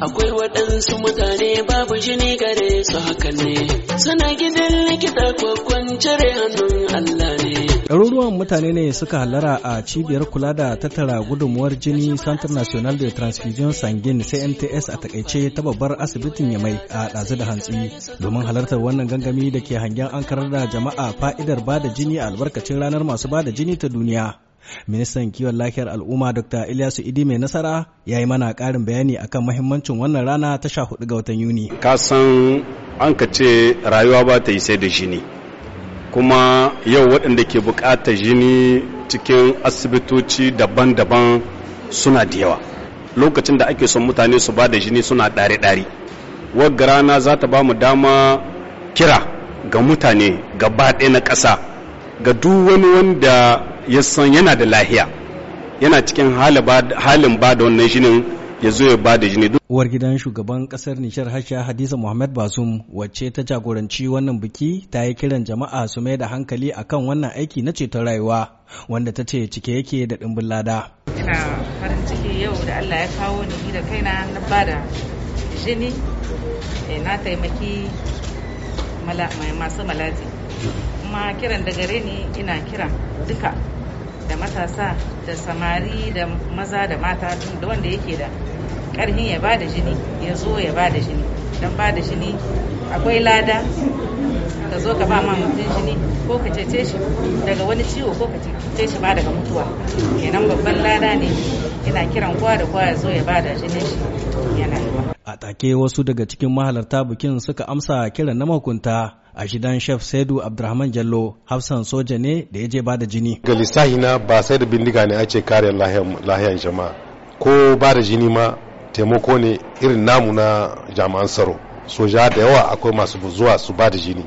akwai waɗansu mutane babu jini gare su haka ne suna gidan likita ko cire hannun Allah ne ɗaruruwan mutane ne suka halara a cibiyar kula da tattara gudunmuwar jini Centre National de Transfusion Sanguine CNTS a takaice ta babbar asibitin Yamai a ɗazu da hantsi domin halartar wannan gangami da ke hangen an karar da jama'a fa'idar bada jini a albarkacin ranar masu bada jini ta duniya. Ministan kiwon lafiyar al'umma Dr. Ilyasu Idi mai nasara ya yi mana karin bayani akan mahimmancin wannan rana ta sha hudu ga watan Yuni. Ka san an ka ce rayuwa ba ta yi sai da jini. Kuma yau waɗanda ke buƙatar jini cikin asibitoci daban-daban suna da yawa. Lokacin da ake son mutane su ba da jini suna ɗare-ɗare. Wagga rana za ta ba mu dama kira ga mutane gaba ɗaya na ƙasa ga duk wani wanda ya san yana da lahiya yana cikin halin ba da wannan jinin ya zo ya ba da jini. Uwar gidan shugaban kasar Nishar Hasha Hadiza Muhammad Basum wacce ta jagoranci wannan biki ta yi kiran jama'a su mai da hankali akan wannan aiki na ceton rayuwa wanda ta ce cike yake da ɗimbin lada. Ina farin ciki yau da Allah ya kawo ni da kaina na bada jini eh, na taimaki masu malati. Kuma kiran da gare ni ina kira duka da matasa da samari da maza da mata da wanda yake da karhin ya ba da jini ya zo ya ba da jini don ba da jini akwai lada ka zo ka ba ma mutum jini ko ka cece shi daga wani ciwo ko ka cece shi ba daga mutuwa kenan babban lada ne yana kiran kowa da kowa ya zo ya ba da jinin shi yana a take wasu daga cikin mahalarta bikin suka amsa kiran na mahukunta a gidan chef saidu abdurrahman jallo hafsan soja ne da ya je ba da jini ga lissahi na ba sai da bindiga ne ake kare lahiyan jama'a ko ba da jini ma taimako ne irin namu na jami'an tsaro soja da yawa akwai masu zuwa su ba da jini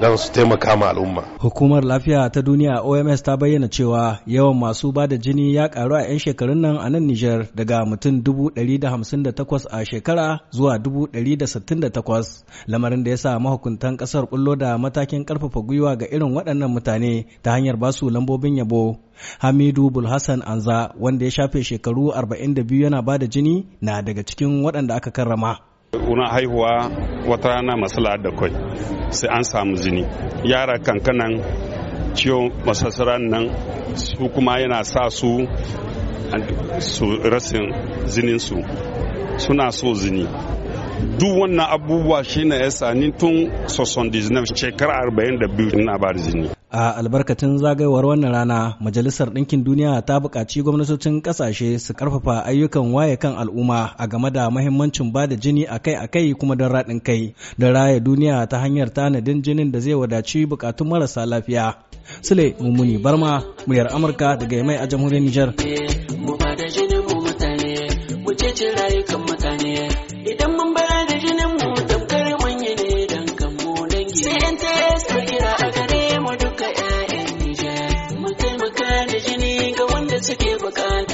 don su taimaka ma al'umma. Hukumar lafiya ta duniya OMS ta bayyana cewa yawan masu ba da jini ya karu a 'yan shekarun nan a nan Nijar daga mutum 158 a shekara zuwa 168 lamarin da ya sa mahukuntan kasar kullo da matakin karfafa gwiwa ga irin waɗannan mutane ta hanyar basu lambobin yabo. Hamidu Bulhassan Anza wanda ya shafe shekaru 42 yana ba da jini na daga cikin waɗanda aka karrama. Una haihuwa wata rana masala da kwai sai an samu zini yara kankanan ciwon masasaran nan su kuma yana sa su su rasin su suna so jini duk wannan abubuwa shine ya sani tun 79 shekara 42 na bar jini A albarkatun zagayowar wannan rana, Majalisar Ɗinkin Duniya ta buƙaci gwamnatocin ƙasashe su ƙarfafa ayyukan waye kan al'umma a game da mahimmancin ba da jini akai-akai kuma don raɗin kai, da raya duniya ta hanyar tanadin jinin da zai wadaci buƙatun marasa lafiya. Sule Mummuni Barma, muryar Amurka daga Yamai a jamhuriyar Nijar. bukata